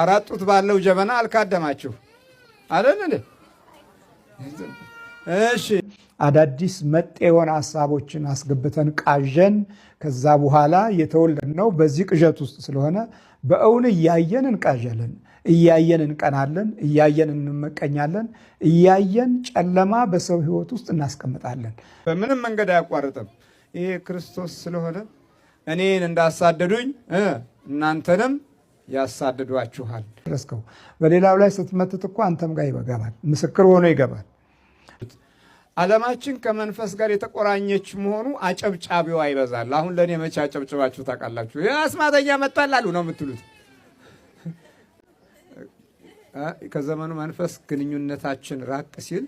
አራት ጡት ባለው ጀበና አልካደማችሁ አለን እንዴ? እሺ አዳዲስ መጤ የሆነ ሀሳቦችን አስገብተን ቃዠን። ከዛ በኋላ የተወለድነው በዚህ ቅዠት ውስጥ ስለሆነ በእውን እያየን እንቃዣለን፣ እያየን እንቀናለን፣ እያየን እንመቀኛለን፣ እያየን ጨለማ በሰው ህይወት ውስጥ እናስቀምጣለን። በምንም መንገድ አያቋርጥም። ይሄ ክርስቶስ ስለሆነ እኔን እንዳሳደዱኝ እናንተንም ያሳድዷችኋል። ረስከው በሌላው ላይ ስትመትት እኮ አንተም ጋር ይገባል፣ ምስክር ሆኖ ይገባል። ዓለማችን ከመንፈስ ጋር የተቆራኘች መሆኑ አጨብጫቢዋ ይበዛል። አሁን ለእኔ መቼ አጨብጭባችሁ ታውቃላችሁ? አስማተኛ መጥቷል አሉ ነው የምትሉት። ከዘመኑ መንፈስ ግንኙነታችን ራቅ ሲል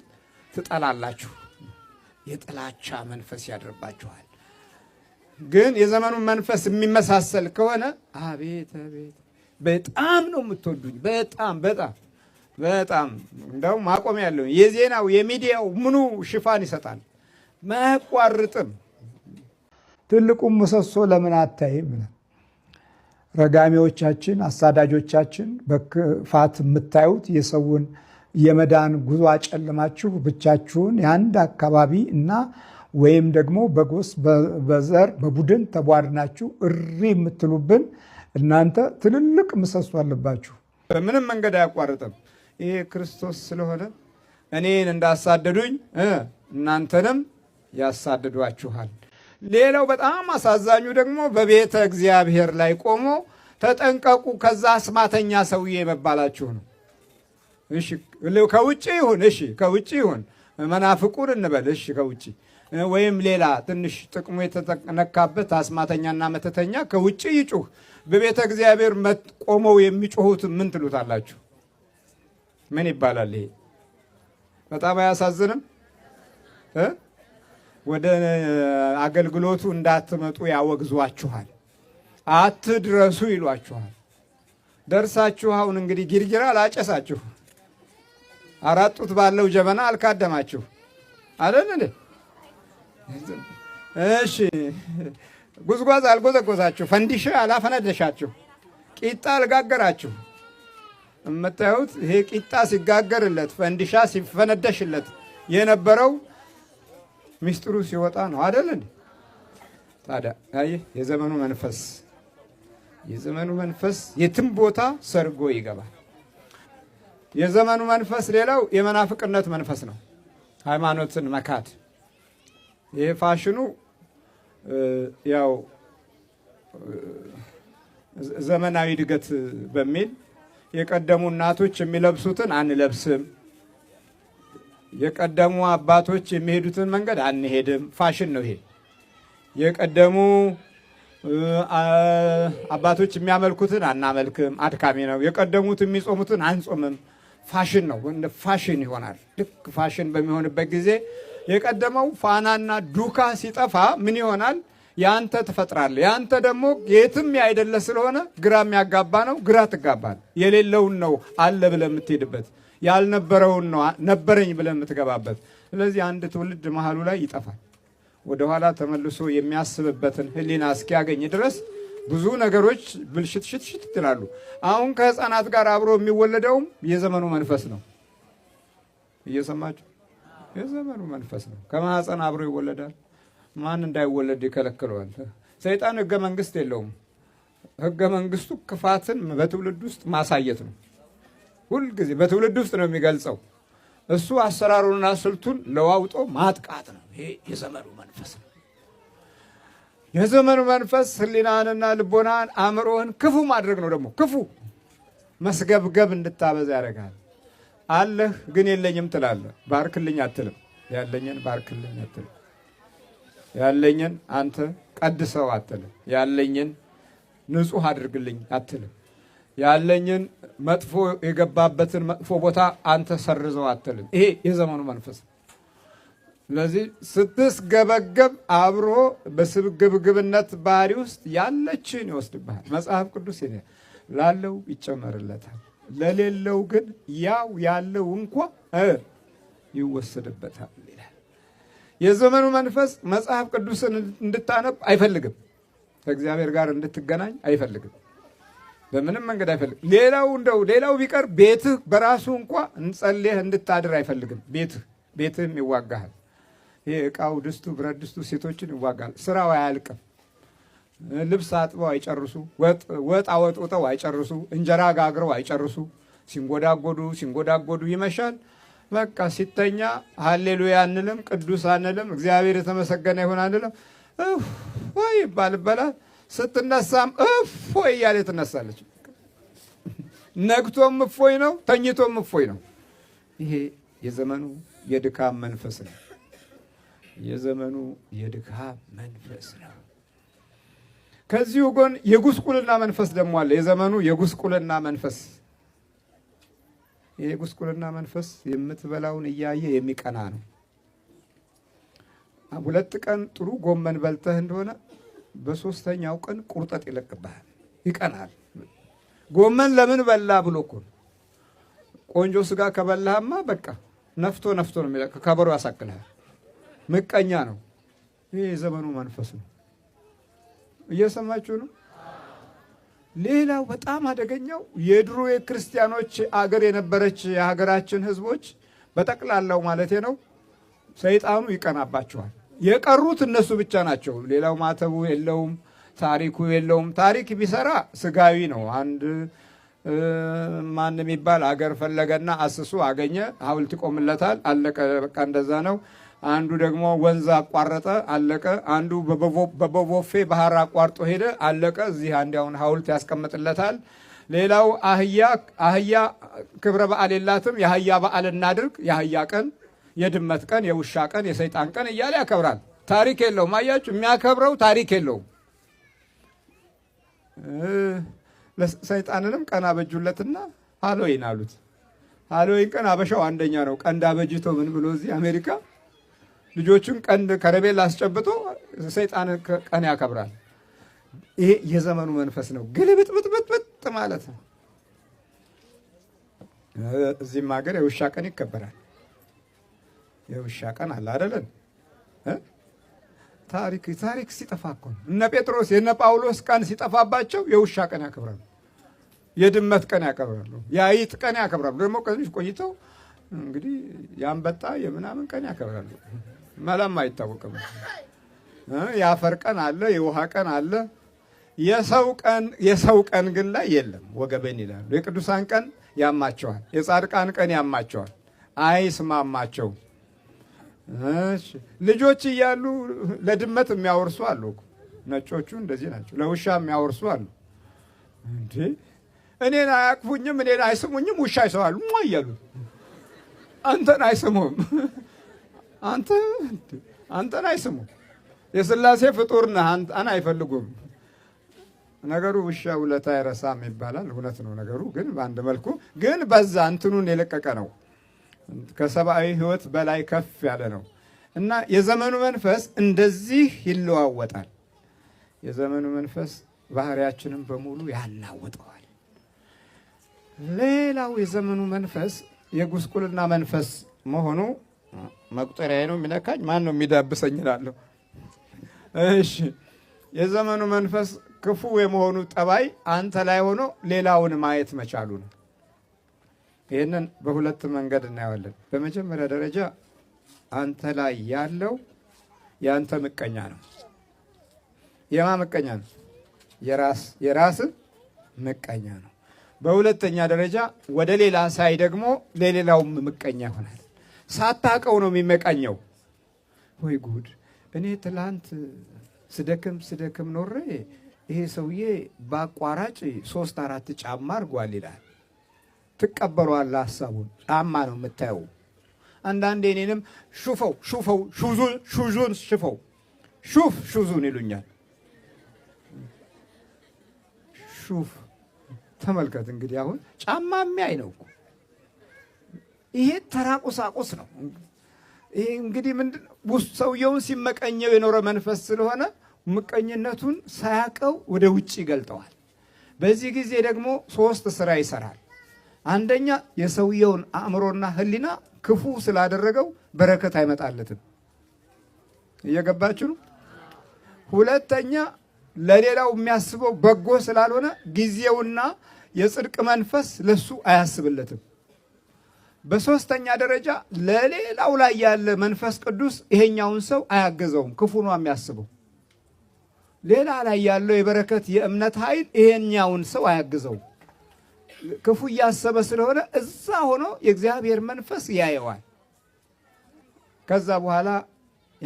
ትጠላላችሁ። የጥላቻ መንፈስ ያድርባችኋል። ግን የዘመኑን መንፈስ የሚመሳሰል ከሆነ አቤት አቤት በጣም ነው የምትወዱኝ። በጣም በጣም በጣም እንደው ማቆም ያለው የዜናው የሚዲያው ምኑ ሽፋን ይሰጣል። ማያቋርጥም። ትልቁም ምሰሶ ለምን አታይም? ረጋሚዎቻችን፣ አሳዳጆቻችን በክፋት የምታዩት የሰውን የመዳን ጉዞ አጨልማችሁ ብቻችሁን የአንድ አካባቢ እና ወይም ደግሞ በጎስ በዘር በቡድን ተቧድናችሁ እሪ የምትሉብን እናንተ ትልልቅ ምሰሶ አለባችሁ። በምንም መንገድ አያቋርጥም። ይሄ ክርስቶስ ስለሆነ እኔን እንዳሳደዱኝ እናንተንም ያሳድዷችኋል። ሌላው በጣም አሳዛኙ ደግሞ በቤተ እግዚአብሔር ላይ ቆሞ ተጠንቀቁ፣ ከዛ አስማተኛ ሰውዬ መባላችሁ ነው። እሺ ከውጭ ይሁን፣ እሺ ከውጭ ይሁን፣ መናፍቁን እንበል፣ እሺ ከውጭ ወይም ሌላ ትንሽ ጥቅሙ የተነካበት አስማተኛና መተተኛ ከውጭ ይጩህ። በቤተ እግዚአብሔር ቆመው የሚጮሁት ምን ትሉታላችሁ? ምን ይባላል? ይሄ በጣም አያሳዝንም? ወደ አገልግሎቱ እንዳትመጡ ያወግዟችኋል። አትድረሱ ይሏችኋል። ደርሳችሁ አሁን እንግዲህ ጊርጊራ አላጨሳችሁ፣ አራጡት ባለው ጀበና አልካደማችሁ አይደል? እሺ ጉዝጓዝ አልጎዘጎዛችሁ፣ ፈንዲሻ አላፈነደሻችሁ፣ ቂጣ አልጋገራችሁ። የምታዩት ይሄ ቂጣ ሲጋገርለት ፈንዲሻ ሲፈነደሽለት የነበረው ሚስጥሩ ሲወጣ ነው አደል? ታዲያ ይ የዘመኑ መንፈስ የዘመኑ መንፈስ የትም ቦታ ሰርጎ ይገባል። የዘመኑ መንፈስ ሌላው የመናፍቅነት መንፈስ ነው፣ ሃይማኖትን መካድ ይሄ ፋሽኑ ያው ዘመናዊ እድገት በሚል የቀደሙ እናቶች የሚለብሱትን አንለብስም፣ የቀደሙ አባቶች የሚሄዱትን መንገድ አንሄድም። ፋሽን ነው ይሄ። የቀደሙ አባቶች የሚያመልኩትን አናመልክም፣ አድካሚ ነው። የቀደሙት የሚጾሙትን አንጾምም። ፋሽን ነው፣ ፋሽን ይሆናል። ልክ ፋሽን በሚሆንበት ጊዜ የቀደመው ፋናና ዱካ ሲጠፋ ምን ይሆናል? ያንተ ትፈጥራለህ። ያንተ ደግሞ የትም ያይደለ ስለሆነ ግራ የሚያጋባ ነው። ግራ ትጋባል። የሌለውን ነው አለ ብለህ የምትሄድበት፣ ያልነበረውን ነው ነበረኝ ብለህ የምትገባበት። ስለዚህ አንድ ትውልድ መሀሉ ላይ ይጠፋል። ወደኋላ ተመልሶ የሚያስብበትን ህሊና እስኪያገኝ ድረስ ብዙ ነገሮች ብልሽትሽትሽት ይላሉ። አሁን ከህፃናት ጋር አብሮ የሚወለደውም የዘመኑ መንፈስ ነው። እየሰማችሁ የዘመኑ መንፈስ ነው። ከማህፀን አብሮ ይወለዳል። ማን እንዳይወለድ ይከለክለዋል? ሰይጣን ህገ መንግስት የለውም። ህገ መንግስቱ ክፋትን በትውልድ ውስጥ ማሳየት ነው። ሁልጊዜ በትውልድ ውስጥ ነው የሚገልጸው። እሱ አሰራሩንና ስልቱን ለዋውጦ ማጥቃት ነው። ይሄ የዘመኑ መንፈስ ነው። የዘመኑ መንፈስ ህሊናንና ልቦናን አእምሮህን ክፉ ማድረግ ነው። ደግሞ ክፉ መስገብገብ እንድታበዛ ያደርጋል። አለህ ግን የለኝም ትላለህ። ባርክልኝ አትልም። ያለኝን ባርክልኝ አትልም። ያለኝን አንተ ቀድሰው አትልም። ያለኝን ንጹህ አድርግልኝ አትልም። ያለኝን መጥፎ የገባበትን መጥፎ ቦታ አንተ ሰርዘው አትልም። ይሄ የዘመኑ መንፈስ ስለዚህ ስትስገበገብ አብሮ በስግብግብነት ባህሪ ውስጥ ያለችን ይወስድብሃል። መጽሐፍ ቅዱስ ላለው ይጨመርለታል፣ ለሌለው ግን ያው ያለው እንኳ ይወሰድበታል ይላል። የዘመኑ መንፈስ መጽሐፍ ቅዱስን እንድታነብ አይፈልግም። ከእግዚአብሔር ጋር እንድትገናኝ አይፈልግም። በምንም መንገድ አይፈልግም። ሌላው እንደው ሌላው ቢቀር ቤትህ በራሱ እንኳ እንጸልየህ እንድታድር አይፈልግም። ቤትህ ቤትህም ይዋጋሃል። ይሄ እቃው፣ ድስቱ፣ ብረት ድስቱ ሴቶችን ይዋጋል። ስራው አያልቅም። ልብስ አጥበው አይጨርሱ፣ ወጥ አወጥውጠው አይጨርሱ፣ እንጀራ ጋግረው አይጨርሱ። ሲንጎዳጎዱ ሲንጎዳጎዱ ይመሻል። በቃ ሲተኛ ሀሌሉያ አንልም፣ ቅዱስ አንልም፣ እግዚአብሔር የተመሰገነ ይሁን አንልም። ወይ ይባል ይበላል። ስትነሳም እፎ እያለ ትነሳለች። ነግቶም እፎይ ነው፣ ተኝቶም እፎይ ነው። ይሄ የዘመኑ የድካም መንፈስ ነው። የዘመኑ የድካም መንፈስ ነው። ከዚሁ ጎን የጉስቁልና መንፈስ ደግሞ አለ። የዘመኑ የጉስቁልና መንፈስ ይሄ ጉስቁልና መንፈስ የምትበላውን እያየ የሚቀና ነው። ሁለት ቀን ጥሩ ጎመን በልተህ እንደሆነ በሶስተኛው ቀን ቁርጠት ይለቅብሃል፣ ይቀናል። ጎመን ለምን በላ ብሎ እኮ ቆንጆ ስጋ ከበላህማ በቃ ነፍቶ ነፍቶ ነው የሚለቅ፣ ከበሮ ያሳክልሃል። ምቀኛ ነው። ይህ የዘመኑ መንፈስ ነው። እየሰማችሁ ነው። ሌላው በጣም አደገኛው የድሮ የክርስቲያኖች አገር የነበረች የሀገራችን ህዝቦች በጠቅላላው ማለቴ ነው። ሰይጣኑ ይቀናባቸዋል። የቀሩት እነሱ ብቻ ናቸው። ሌላው ማተቡ የለውም፣ ታሪኩ የለውም። ታሪክ ቢሰራ ስጋዊ ነው። አንድ ማን የሚባል አገር ፈለገና አስሱ አገኘ፣ ሀውልት ይቆምለታል፣ አለቀ። በቃ እንደዛ ነው። አንዱ ደግሞ ወንዝ አቋረጠ አለቀ። አንዱ በበቦፌ ባህር አቋርጦ ሄደ አለቀ። እዚህ አንድ አሁን ሐውልት ያስቀምጥለታል። ሌላው አህያ አህያ ክብረ በዓል የላትም። የአህያ በዓል እናድርግ። የአህያ ቀን፣ የድመት ቀን፣ የውሻ ቀን፣ የሰይጣን ቀን እያለ ያከብራል። ታሪክ የለውም። አያችሁ፣ የሚያከብረው ታሪክ የለውም። ሰይጣንንም ቀን አበጁለትና ሃሎዊን አሉት። ሃሎዊን ቀን አበሻው አንደኛ ነው። ቀንድ አበጅቶ ምን ብሎ እዚህ አሜሪካ ልጆቹን ቀንድ ከረቤል አስጨብጦ ሰይጣን ቀን ያከብራል። ይሄ የዘመኑ መንፈስ ነው። ግልብጥብጥብጥ ማለት ነው። እዚህም ሀገር የውሻ ቀን ይከበራል። የውሻ ቀን አለ አደለን? ታሪክ ታሪክ ሲጠፋ እኮ ነው። እነ ጴጥሮስ የነ ጳውሎስ ቀን ሲጠፋባቸው የውሻ ቀን ያከብራሉ። የድመት ቀን ያከብራሉ። የአይጥ ቀን ያከብራሉ። ደግሞ ከትንሽ ቆይተው እንግዲህ የአንበጣ የምናምን ቀን ያከብራሉ። መላም አይታወቅም። የአፈር ቀን አለ፣ የውሃ ቀን አለ። የሰው ቀን የሰው ቀን ግን ላይ የለም ወገበን ይላሉ። የቅዱሳን ቀን ያማቸዋል፣ የጻድቃን ቀን ያማቸዋል። አይስማማቸው። ልጆች እያሉ ለድመት የሚያወርሱ አሉ። ነጮቹ እንደዚህ ናቸው። ለውሻ የሚያወርሱ አሉ። እንዴ እኔን አያቅፉኝም፣ እኔን አይስሙኝም። ውሻ ይሰዋሉ እያሉ አንተን አይስሙም። አንተ አንተን አይስሙ። የስላሴ ፍጡር ነህ፣ አንተን አይፈልጉም። ነገሩ ውሻ ውለታ አይረሳም ይባላል። እውነት ነው ነገሩ። ግን በአንድ መልኩ ግን በዛ እንትኑን የለቀቀ ነው፣ ከሰብአዊ ህይወት በላይ ከፍ ያለ ነው እና የዘመኑ መንፈስ እንደዚህ ይለዋወጣል። የዘመኑ መንፈስ ባህሪያችንም በሙሉ ያናውጠዋል። ሌላው የዘመኑ መንፈስ የጉስቁልና መንፈስ መሆኑ መቁጠሪያ ነው የሚነካኝ፣ ማን ነው የሚዳብሰኝ እላለሁ። እሺ የዘመኑ መንፈስ ክፉ የመሆኑ ጠባይ አንተ ላይ ሆኖ ሌላውን ማየት መቻሉ ነው። ይህንን በሁለት መንገድ እናየዋለን። በመጀመሪያ ደረጃ አንተ ላይ ያለው የአንተ ምቀኛ ነው። የማ ምቀኛ ነው? የራስ የራስ ምቀኛ ነው። በሁለተኛ ደረጃ ወደ ሌላ ሳይ ደግሞ ለሌላውም ምቀኛ ይሆናል። ሳታቀው ነው የሚመቃኘው። ወይ ጉድ! እኔ ትላንት ስደክም ስደክም ኖሬ ይሄ ሰውዬ በአቋራጭ ሶስት አራት ጫማ አድርጓል ይላል። ትቀበሏል ሀሳቡን። ጫማ ነው የምታየው። አንዳንዴ እኔንም ሹፈው ሹፈው ሹዙን ሽፈው ሹፍ ሹዙን ይሉኛል። ሹፍ ተመልከት እንግዲህ አሁን ጫማ የሚያይ ነው እኮ ይሄ ተራ ቁሳቁስ ነው። ይሄ እንግዲህ ምንድን ውስጥ ሰውየውን ሲመቀኘው የኖረ መንፈስ ስለሆነ ምቀኝነቱን ሳያቀው ወደ ውጭ ይገልጠዋል። በዚህ ጊዜ ደግሞ ሶስት ስራ ይሰራል። አንደኛ የሰውየውን አእምሮና ህሊና ክፉ ስላደረገው በረከት አይመጣለትም። እየገባችሁ ነው። ሁለተኛ ለሌላው የሚያስበው በጎ ስላልሆነ ጊዜውና የጽድቅ መንፈስ ለሱ አያስብለትም። በሶስተኛ ደረጃ ለሌላው ላይ ያለ መንፈስ ቅዱስ ይሄኛውን ሰው አያገዘውም፣ ክፉ ነው የሚያስበው። ሌላ ላይ ያለው የበረከት የእምነት ኃይል ይሄኛውን ሰው አያግዘውም፣ ክፉ እያሰበ ስለሆነ እዛ ሆኖ የእግዚአብሔር መንፈስ ያየዋል። ከዛ በኋላ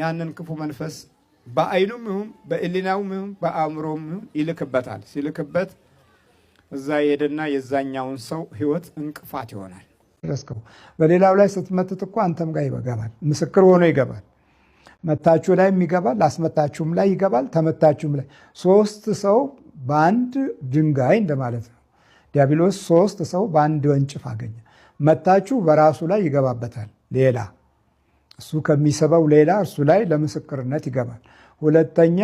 ያንን ክፉ መንፈስ በአይኑም ይሁን በእሊናውም ይሁን በአእምሮም ይሁን ይልክበታል። ሲልክበት እዛ የሄደና የዛኛውን ሰው ህይወት እንቅፋት ይሆናል። ረስከው በሌላው ላይ ስትመትት እኮ አንተም ጋር ይገባል። ምስክር ሆኖ ይገባል። መታችሁ ላይም ይገባል፣ አስመታችሁም ላይ ይገባል፣ ተመታችሁም ላይ ሶስት ሰው በአንድ ድንጋይ እንደማለት ነው። ዲያብሎስ ሶስት ሰው በአንድ ወንጭፍ አገኘ። መታችሁ በራሱ ላይ ይገባበታል። ሌላ እሱ ከሚስበው ሌላ እርሱ ላይ ለምስክርነት ይገባል። ሁለተኛ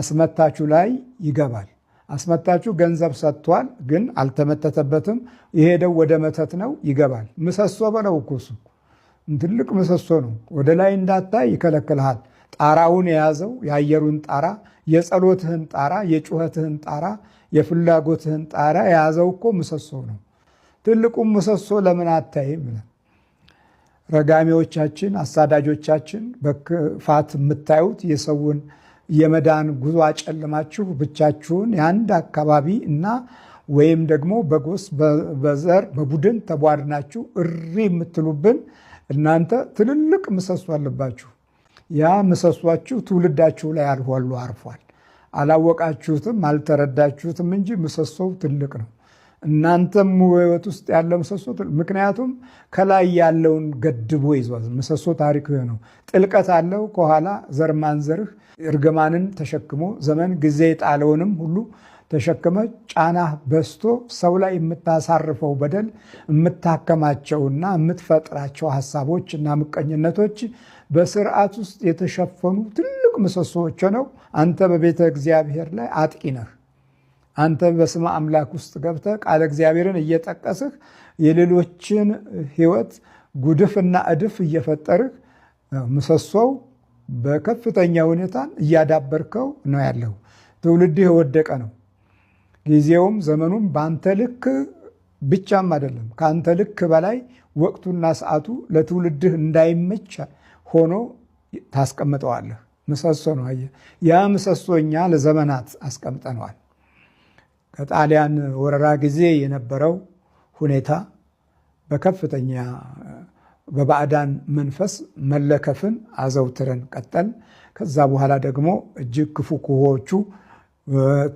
አስመታችሁ ላይ ይገባል። አስመታችሁ ገንዘብ ሰጥቷል፣ ግን አልተመተተበትም። የሄደው ወደ መተት ነው ይገባል። ምሰሶ በለው እኮ እሱ ትልቅ ምሰሶ ነው። ወደ ላይ እንዳታይ ይከለክልሃል። ጣራውን የያዘው የአየሩን ጣራ፣ የጸሎትህን ጣራ፣ የጩኸትህን ጣራ፣ የፍላጎትህን ጣራ የያዘው እኮ ምሰሶ ነው። ትልቁም ምሰሶ ለምን አታይም? ረጋሚዎቻችን፣ አሳዳጆቻችን በክፋት የምታዩት የሰውን የመዳን ጉዞ አጨልማችሁ ብቻችሁን የአንድ አካባቢ እና ወይም ደግሞ በጎስ በዘር በቡድን ተቧድናችሁ እሪ የምትሉብን እናንተ ትልልቅ ምሰሶ አለባችሁ። ያ ምሰሷችሁ ትውልዳችሁ ላይ አልሆሉ አርፏል። አላወቃችሁትም፣ አልተረዳችሁትም እንጂ ምሰሶው ትልቅ ነው። እናንተም ህይወት ውስጥ ያለ ምሰሶ ምክንያቱም ከላይ ያለውን ገድቦ ይዟል። ምሰሶ ታሪክ ነው። ጥልቀት አለው። ከኋላ ዘርማን ዘርህ እርግማንን ተሸክሞ ዘመን ጊዜ የጣለውንም ሁሉ ተሸክመ ጫና በስቶ ሰው ላይ የምታሳርፈው በደል የምታከማቸውና የምትፈጥራቸው ሀሳቦች እና ምቀኝነቶች በስርዓት ውስጥ የተሸፈኑ ትልቅ ምሰሶዎች ነው። አንተ በቤተ እግዚአብሔር ላይ አጥቂ ነህ። አንተ በስመ አምላክ ውስጥ ገብተህ ቃለ እግዚአብሔርን እየጠቀስህ የሌሎችን ህይወት ጉድፍና እድፍ እየፈጠርህ ምሰሶው በከፍተኛ ሁኔታ እያዳበርከው ነው ያለው። ትውልድህ የወደቀ ነው። ጊዜውም ዘመኑም በአንተ ልክ ብቻም አይደለም፣ ከአንተ ልክ በላይ ወቅቱና ሰዓቱ ለትውልድህ እንዳይመች ሆኖ ታስቀምጠዋለህ። ምሰሶ ነው። ያ ምሰሶ እኛ ለዘመናት አስቀምጠነዋል። ከጣሊያን ወረራ ጊዜ የነበረው ሁኔታ በከፍተኛ በባዕዳን መንፈስ መለከፍን አዘውትረን ቀጠል። ከዛ በኋላ ደግሞ እጅግ ክፉ ክሆቹ፣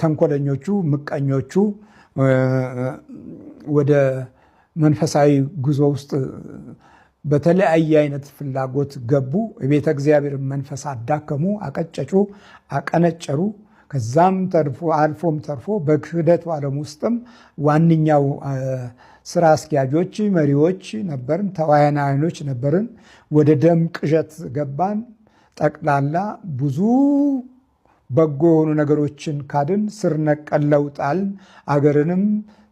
ተንኮለኞቹ፣ ምቀኞቹ ወደ መንፈሳዊ ጉዞ ውስጥ በተለያየ አይነት ፍላጎት ገቡ። የቤተ እግዚአብሔር መንፈስ አዳከሙ፣ አቀጨጩ፣ አቀነጨሩ። ከዛም ተርፎ አልፎም ተርፎ በክህደቱ ዓለም ውስጥም ዋነኛው ስራ አስኪያጆች መሪዎች ነበርን፣ ተዋናዮች ነበርን። ወደ ደም ቅዠት ገባን። ጠቅላላ ብዙ በጎ የሆኑ ነገሮችን ካድን፣ ስር ነቀል ለውጥ አገርንም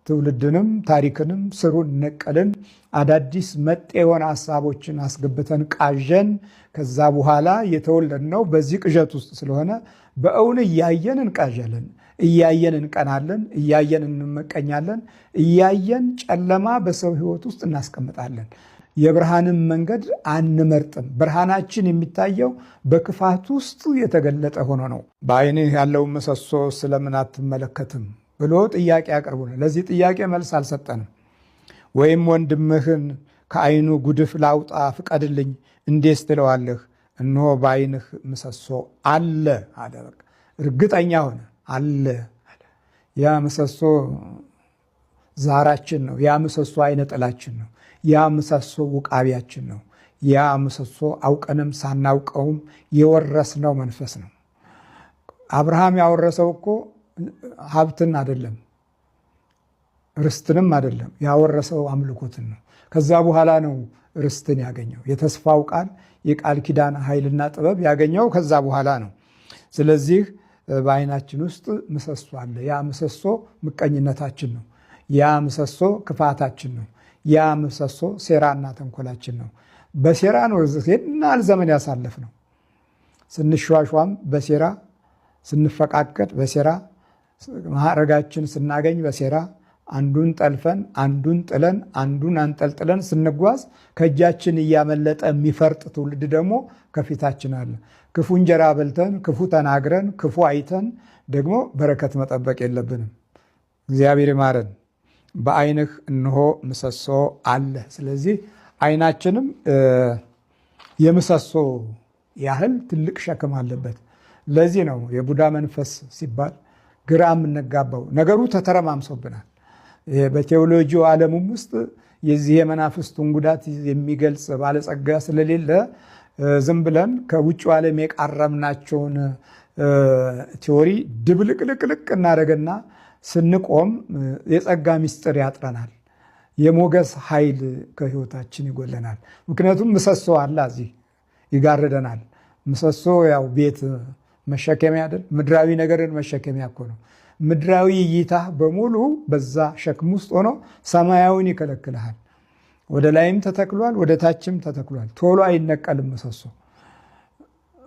ትውልድንም ታሪክንም ስሩን ነቀልን። አዳዲስ መጤ የሆነ ሀሳቦችን አስገብተን ቃዠን። ከዛ በኋላ የተወለድነው በዚህ ቅዠት ውስጥ ስለሆነ በእውን እያየን እንቃዣለን፣ እያየን እንቀናለን፣ እያየን እንመቀኛለን፣ እያየን ጨለማ በሰው ሕይወት ውስጥ እናስቀምጣለን። የብርሃንን መንገድ አንመርጥም። ብርሃናችን የሚታየው በክፋት ውስጥ የተገለጠ ሆኖ ነው። በዓይንህ ያለውን ምሰሶ ስለምን አትመለከትም ብሎ ጥያቄ አቅርቡ ነው። ለዚህ ጥያቄ መልስ አልሰጠንም። ወይም ወንድምህን ከዓይኑ ጉድፍ ላውጣ ፍቀድልኝ እንዴት ትለዋለህ? እነሆ በዓይንህ ምሰሶ አለ አለ። በቃ እርግጠኛ ሆነ አለ። ያ ምሰሶ ዛራችን ነው። ያ ምሰሶ አይነ ጥላችን ነው። ያ ምሰሶ ውቃቢያችን ነው። ያ ምሰሶ አውቀንም ሳናውቀውም የወረስነው መንፈስ ነው። አብርሃም ያወረሰው እኮ ሀብትን አይደለም፣ ርስትንም አይደለም። ያወረሰው አምልኮትን ነው። ከዛ በኋላ ነው ርስትን ያገኘው። የተስፋው ቃል የቃል ኪዳን ኃይልና ጥበብ ያገኘው ከዛ በኋላ ነው። ስለዚህ በአይናችን ውስጥ ምሰሶ አለ። ያ ምሰሶ ምቀኝነታችን ነው። ያ ምሰሶ ክፋታችን ነው። ያ ምሰሶ ሴራና ተንኮላችን ነው። በሴራ ነው ናል ዘመን ያሳለፍ ነው። ስንሿሿም በሴራ ስንፈቃቀድ በሴራ ማዕረጋችን ስናገኝ በሴራ አንዱን ጠልፈን አንዱን ጥለን አንዱን አንጠልጥለን ስንጓዝ ከእጃችን እያመለጠ የሚፈርጥ ትውልድ ደግሞ ከፊታችን አለ። ክፉ እንጀራ በልተን ክፉ ተናግረን ክፉ አይተን ደግሞ በረከት መጠበቅ የለብንም። እግዚአብሔር ይማረን። በዓይንህ እነሆ ምሰሶ አለ። ስለዚህ ዓይናችንም የምሰሶ ያህል ትልቅ ሸክም አለበት። ለዚህ ነው የቡዳ መንፈስ ሲባል ግራ የምንጋባው ነገሩ ተተረማምሶብናል። በቴዎሎጂው ዓለምም ውስጥ የዚህ የመናፍስቱን ጉዳት የሚገልጽ ባለጸጋ ስለሌለ ዝም ብለን ከውጭ ዓለም የቃረምናቸውን ቲዎሪ ድብልቅልቅልቅ እናደረገና ስንቆም የጸጋ ምስጢር ያጥረናል። የሞገስ ኃይል ከህይወታችን ይጎለናል። ምክንያቱም ምሰሶ አለ፣ እዚህ ይጋርደናል። ምሰሶ ያው ቤት መሸከሚያ አይደል? ምድራዊ ነገርን መሸከሚያ እኮ ነው። ምድራዊ እይታ በሙሉ በዛ ሸክም ውስጥ ሆኖ ሰማያዊን ይከለክልሃል። ወደ ላይም ተተክሏል፣ ወደ ታችም ተተክሏል። ቶሎ አይነቀልም ምሰሶ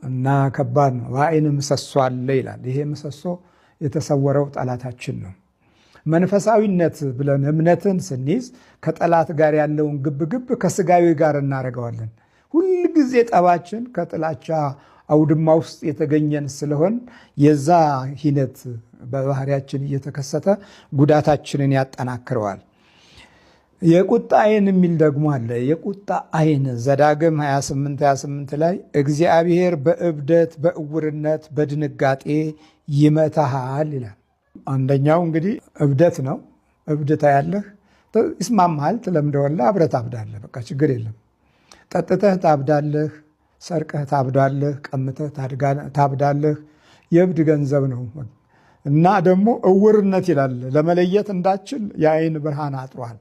እና ከባድ ነው። በአይን ምሰሶ አለ ይላል። ይሄ ምሰሶ የተሰወረው ጠላታችን ነው። መንፈሳዊነት ብለን እምነትን ስንይዝ ከጠላት ጋር ያለውን ግብግብ ከስጋዊ ጋር እናደርገዋለን። ሁልጊዜ ጠባችን ከጥላቻ አውድማ ውስጥ የተገኘን ስለሆን የዛ ሂነት በባህሪያችን እየተከሰተ ጉዳታችንን ያጠናክረዋል። የቁጣ አይን የሚል ደግሞ አለ። የቁጣ አይን ዘዳግም 28 28 ላይ እግዚአብሔር በእብደት በእውርነት በድንጋጤ ይመታሃል ይላል። አንደኛው እንግዲህ እብደት ነው። እብድታ ያለህ ይስማማል ትለምደዋለህ፣ አብረህ ታብዳለህ። በቃ ችግር የለም። ጠጥተህ ታብዳለህ ሰርቀህ ታብዳለህ፣ ቀምተህ ታብዳለህ። የእብድ ገንዘብ ነው እና ደግሞ እውርነት ይላል። ለመለየት እንዳችል የአይን ብርሃን አጥሯል።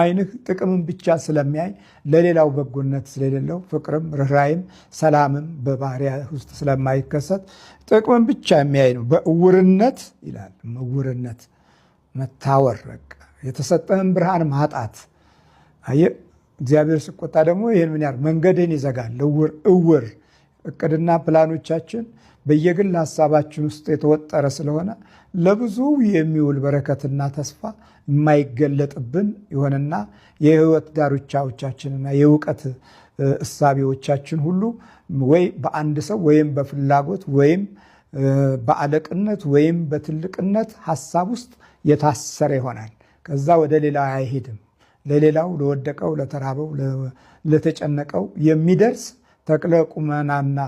አይንህ ጥቅምን ብቻ ስለሚያይ ለሌላው በጎነት ስለሌለው ፍቅርም ርኅራይም ሰላምም በባህሪያ ውስጥ ስለማይከሰት ጥቅምን ብቻ የሚያይ ነው። በእውርነት ይላል። እውርነት መታወር፣ የተሰጠህን ብርሃን ማጣት እግዚአብሔር ስቆጣ ደግሞ ይህን ምን ያህል መንገድን ይዘጋል። እውር እውር እቅድና ፕላኖቻችን በየግል ሀሳባችን ውስጥ የተወጠረ ስለሆነ ለብዙ የሚውል በረከትና ተስፋ የማይገለጥብን ይሆንና የህይወት ዳርቻዎቻችንና የእውቀት እሳቤዎቻችን ሁሉ ወይ በአንድ ሰው ወይም በፍላጎት ወይም በአለቅነት ወይም በትልቅነት ሀሳብ ውስጥ የታሰረ ይሆናል። ከዛ ወደ ሌላ አይሄድም። ለሌላው ለወደቀው፣ ለተራበው፣ ለተጨነቀው የሚደርስ ተክለ ቁመናና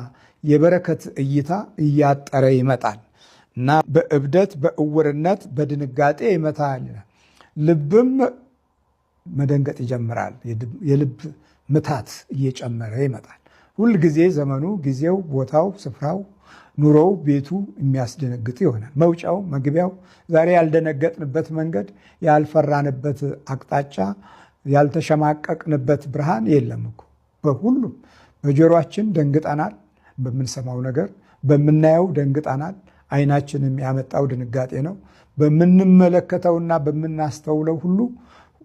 የበረከት እይታ እያጠረ ይመጣል እና በእብደት በእውርነት በድንጋጤ ይመታል። ልብም መደንገጥ ይጀምራል። የልብ ምታት እየጨመረ ይመጣል። ሁልጊዜ ዘመኑ፣ ጊዜው፣ ቦታው፣ ስፍራው ኑሮው ቤቱ የሚያስደነግጥ ይሆናል። መውጫው መግቢያው፣ ዛሬ ያልደነገጥንበት መንገድ፣ ያልፈራንበት አቅጣጫ፣ ያልተሸማቀቅንበት ብርሃን የለም እኮ በሁሉም በጆሮችን ደንግጠናል፣ በምንሰማው ነገር በምናየው ደንግጠናል። አይናችንም ያመጣው ድንጋጤ ነው። በምንመለከተውና በምናስተውለው ሁሉ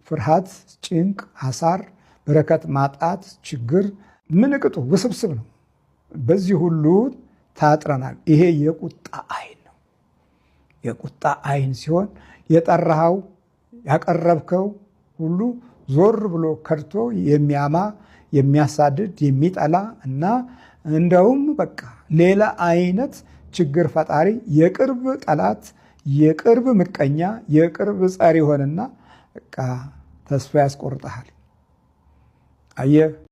ፍርሃት፣ ጭንቅ፣ አሳር፣ በረከት ማጣት፣ ችግር ምንቅጡ ውስብስብ ነው። በዚህ ሁሉ ታጥረናል። ይሄ የቁጣ አይን ነው። የቁጣ አይን ሲሆን የጠራኸው ያቀረብከው ሁሉ ዞር ብሎ ከድቶ የሚያማ የሚያሳድድ የሚጠላ እና እንደውም በቃ ሌላ አይነት ችግር ፈጣሪ የቅርብ ጠላት የቅርብ ምቀኛ የቅርብ ጸር ይሆንና በቃ ተስፋ ያስቆርጠሃል። አየህ።